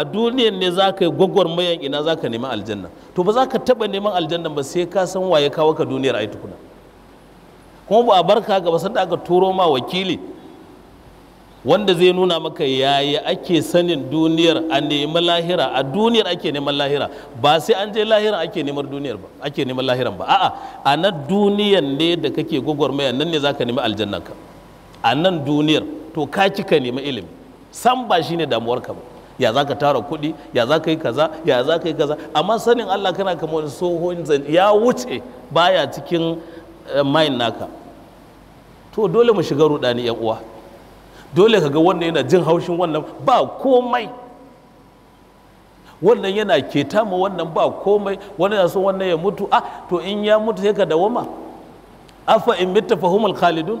a duniyar ne za ka yi gwagwarmayan ina za ka nemi aljanna to ba za ka taɓa neman aljanna ba sai ka san waye kawo ka duniyar ai tukuna kuma ba a barka gaba da aka turo ma wakili wanda zai nuna maka yaya ake sanin duniyar a nemi lahira a duniyar ake neman lahira ba sai an je lahira ake neman duniyar ba ake neman lahiran ba a'a a nan duniyar ne da kake mayan nan ne zaka nemi aljannan ka a nan duniyar to ka kika nemi ilimi san ba shine damuwar ka ba ya za ka tara kuɗi ya za ka yi kaza ya za ka yi kaza amma sanin Allah kana kama wani tsohon ya wuce baya cikin eh, mayin naka to dole mu shiga rudani yan uwa dole ka ga wannan yana jin haushin wannan ba komai wannan yana keta ma wannan ba komai wani ya so wannan ya mutu ah to in ya mutu sai ka dawama afa in mitta fahumul khalidun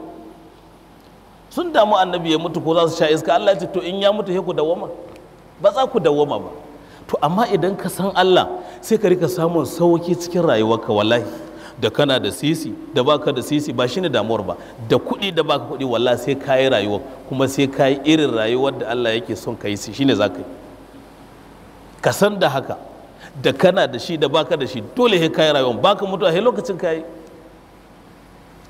sun damu annabi ya mutu ko za su sha iska Allah ya ce to in ya mutu sai ku dawama ba za ku dawoma ba to amma idan ka san Allah sai ka rika samun sauki cikin rayuwarka wallahi da kana da sisi da baka da sisi ba shine damuwar ba da kuɗi da baka kuɗi wallahi sai ka yi rayuwa kuma sai ka irin rayuwar da Allah yake son ka yi shine za ka yi ka san da haka da kana da shi da baka da shi dole sai ka rayuwa baka mutuwa sai lokacin ka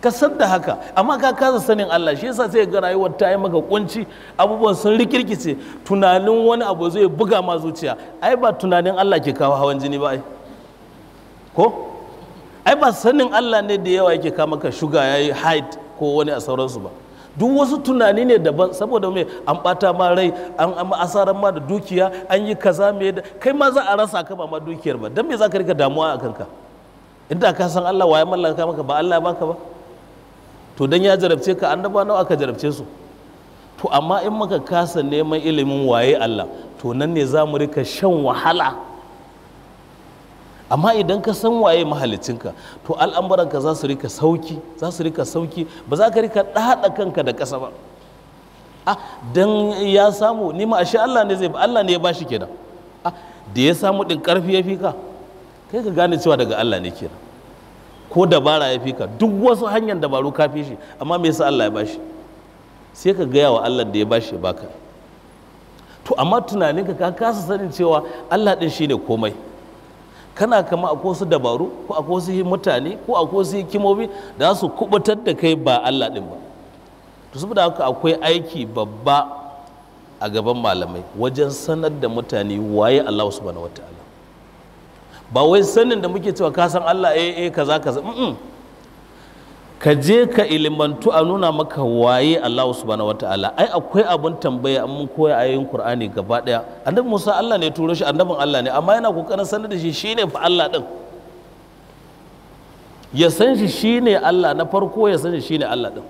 ka san da haka amma ka kasa sanin Allah shi yasa sai ga rayuwar ta yi maka kunci abubuwan sun rikirkice tunanin wani abu zai buga ma zuciya ai ba tunanin Allah ke kawo hawan jini ba ai ko ai ba sanin Allah ne da yawa yake kawo maka shuga yayi height ko wani a sauransu ba duk wasu tunani ne daban saboda mai an bata ma rai an asarar ma da dukiya an yi kaza me kai ma za a rasa ka ba ma dukiyar ba dan me za ka rika damuwa a ka idan ka san Allah waye mallaka maka ba Allah baka ba to dan ya jarabce ka annaba nawa aka jarabce su to amma in maka kasa neman ilimin waye Allah to nan ne za mu rika shan wahala amma idan ka san waye mahalicinka to al'amuranka za su rika sauki za su rika sauki ba za ka rika ɗaɗa kanka da ƙasa ba a dan ya samu ni ma ashe Allah ne zai Allah ne ya bashi kenan a da ya samu din ƙarfi ya fi ka kai ka gane cewa daga Allah ne kenan ko dabara ya fi ka duk wasu hanyar dabaru ka fi shi amma me yasa Allah ya bashi sai ka gaya wa Allah da ya bashi ya baka to amma tunanin ka kasa sanin cewa Allah din shine komai kana kama akwai wasu dabaru ko akwai wasu mutane ko akwai wasu hikimomi da su kubutar da kai ba Allah ɗin ba to saboda haka akwai aiki babba a gaban malamai wajen sanar da mutane waye Allah subhanahu wataala ba wai sanin da muke cewa kasan Allah eh eh kaza kaza ka je ka ilimantu a nuna maka waye Allah subhanahu wataala ai akwai abin tambaya mun koya ayoyin kur'ani gaba daya annabi Musa Allah ne turo shi annabin Allah ne amma yana kokarin sanar da shi shine fa Allah din ya san shi shine Allah na farko ya san shi shine Allah din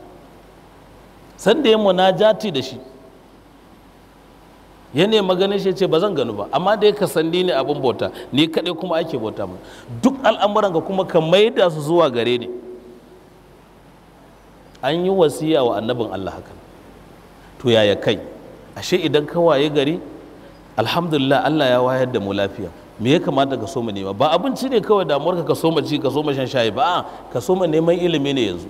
san da ya munajati da shi ya ne maganin shi ce ba zan ganu ba amma dai ka sandi ne abin bauta ni kaɗai kuma ake bauta mu duk al'amuran ka kuma ka maida su zuwa gare ni an yi wasiya wa annabin Allah haka to yaya kai ashe idan ka waye gari alhamdulillah Allah ya wayar da mu lafiya me ya kamata ka so nema ba abinci ne kawai damuwar ka soma ci ka soma shan shayi ba ka soma neman ilimi ne yanzu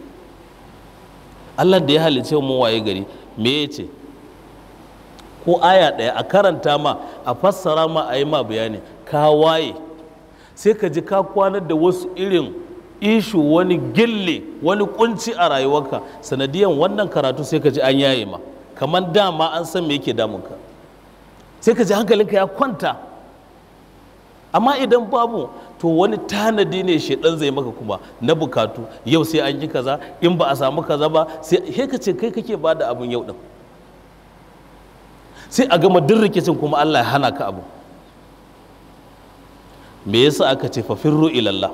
Allah da ya halice mu waye gari me ya ce ko aya ɗaya a karanta ma a fassara ma a yi ma bayani ka waye sai ka ji ka kwanar da wasu irin ishu wani gille wani kunci a rayuwarka sanadiyan wannan karatu sai ka ji an yaye ma kamar dama an san me yake damunka sai ka ji hankalinka ya kwanta amma idan babu to wani tanadi ne shaidan zai maka kuma na bukatu yau sai an yi kaza in ba a samu kaza ba sai ka ce kai kake ba da abin yau din sai a gama duk rikicin kuma Allah ya hana ka abu me yasa aka ce fa firru ilallah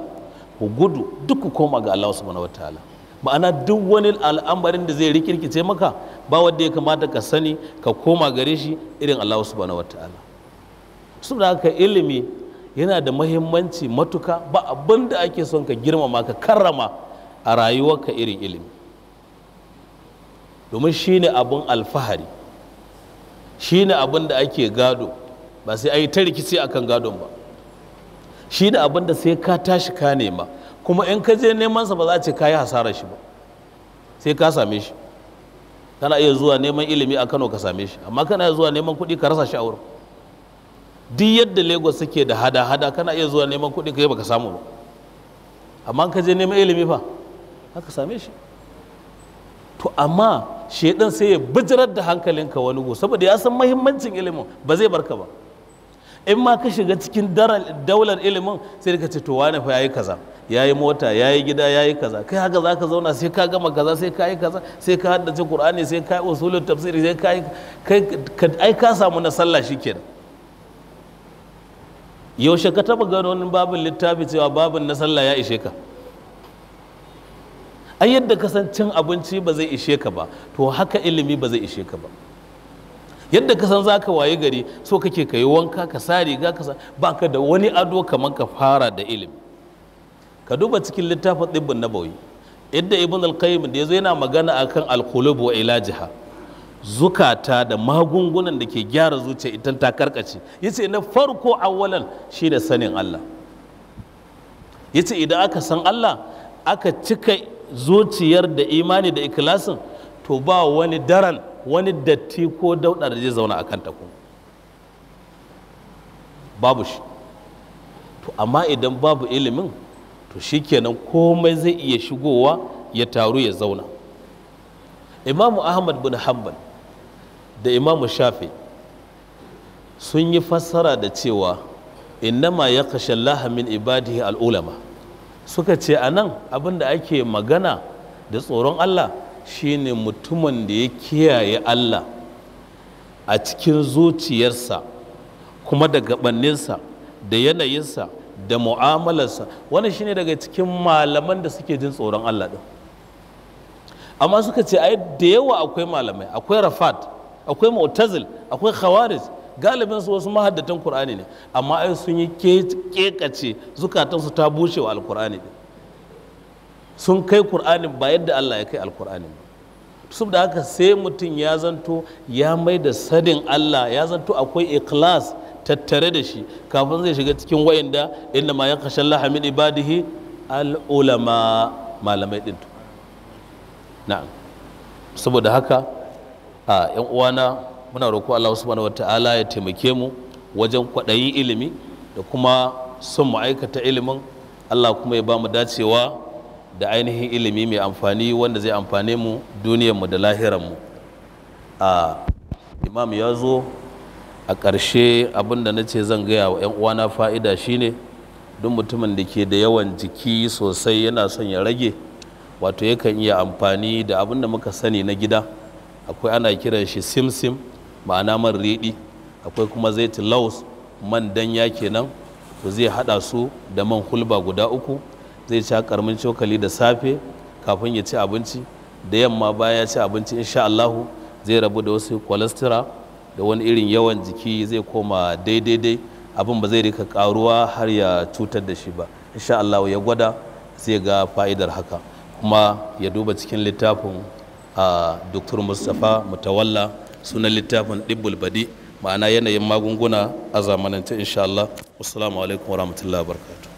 ku gudu duk ku koma ga Allah subhanahu wataala ma'ana duk wani al'amarin da zai rikirkice maka ba wanda ya kamata ka sani ka koma gare shi irin Allah subhanahu wataala saboda haka ilimi yana da mahimmanci matuka ba abinda ake son ka girmama ka karrama a rayuwarka irin ilimi domin shine abun alfahari shi ne abin da ake gado ba sai a yi ta rikici a kan gadon ba shi da abin da sai ka tashi ka nema kuma in ka je neman sa ba za a ce ka yi hasara shi ba sai ka same shi kana iya zuwa neman ilimi a Kano ka same shi amma kana iya zuwa neman kuɗi ka rasa shi a wurin duk yadda Lagos suke da hada-hada kana iya zuwa neman kuɗi ka yi baka samu ba amma ka je neman ilimi fa ka same shi to amma shaidan sai ya bijirar da hankalinka wani go saboda ya san mahimmancin ilimin ba zai barka ba in ma ka shiga cikin daular ilimin sai ka ce to wani fa yayi kaza yayi mota yayi gida yayi kaza kai haka zaka zauna sai ka gama kaza sai ka yi kaza sai ka haddace qur'ani sai ka yi usulul tafsiri sai ka yi. kai ai ka samu na sallah shikenan yaushe ka taba gano wani babin littafi cewa babin na sallah ya ishe ka ai yadda cin abinci ba zai ishe ka ba to haka ilimi ba zai ishe ka ba yadda ka san za ka wayi gari so kake ka yi wanka ka sa riga ka sa ba ka da wani ado kamar ka fara da ilimi ka duba cikin littafin ɗibbin nabawi yadda ibn al-qayyim da yazo yana magana akan al-qulub wa ilajiha zukata da magungunan da ke gyara zuciya idan ta karkace yace na farko awwalan shine sanin Allah yace idan aka san Allah aka cika zuciyar da imani da ikilasin to ba wani daren wani datti ko dauɗa da zai zauna a kan takun babu shi to amma idan babu ilimin to shikenan komai zai iya shigowa ya taru ya zauna imamu ahmad bin hanbal da imamu shafi sun yi fassara da cewa innama ya kashe min ibadihi al'ulama suka ce a nan abin da ake magana da tsoron Allah shine mutumin da ya kiyaye Allah a cikin zuciyarsa kuma da gabaninsa da yanayinsa da mu'amalarsa wani shine daga cikin malaman da suke jin tsoron Allah ɗin amma suka ce ai da yawa akwai malamai akwai rafat akwai mu'tazil akwai khawarij galibin su wasu mahaddatan qur'ani ne amma ai sun yi kekace zukatansu ta bushe wa alqur'ani sun kai qur'ani ba yadda Allah ya kai alqur'ani ba saboda haka sai mutum ya zanto ya mai da sadin Allah ya zanto akwai ikhlas tattare da shi kafin zai shiga cikin wayanda inna ma ya kashe Allah min ibadihi al'ulama malamai din na'am saboda haka a 'yan uwana muna roƙo Allah subhanahu wataala ya taimake mu wajen kwaɗayin ilimi da kuma son mu aikata ilimin Allah kuma ya ba mu dacewa da ainihin ilimi mai amfani wanda zai amfane mu duniyar mu da mu. a imam ya zo a ƙarshe abin da na ce zan gaya wa 'yan uwana fa'ida shine duk mutumin da ke da yawan jiki sosai yana son ya rage wato yakan iya amfani da abin da muka sani na gida akwai ana kiran shi simsim ma'ana man riɗi akwai kuma zaiti laus man danya kenan to zai haɗa su da man hulba guda uku zai ci karmin cokali da safe kafin ya ci abinci da yamma baya ya ci abinci insha Allahu zai rabu da wasu kwalastira da wani irin yawan jiki zai koma daidai abin ba zai rika karuwa har ya cutar da shi ba insha Allahu ya gwada zai ga fa'idar haka kuma ya duba cikin littafin a ah, Dr. Mustapha Mutawalla sunan littafin dibbul badi ma'ana yanayin magunguna a zamanance insha Allah assalamu alaikum wa wabarakatuh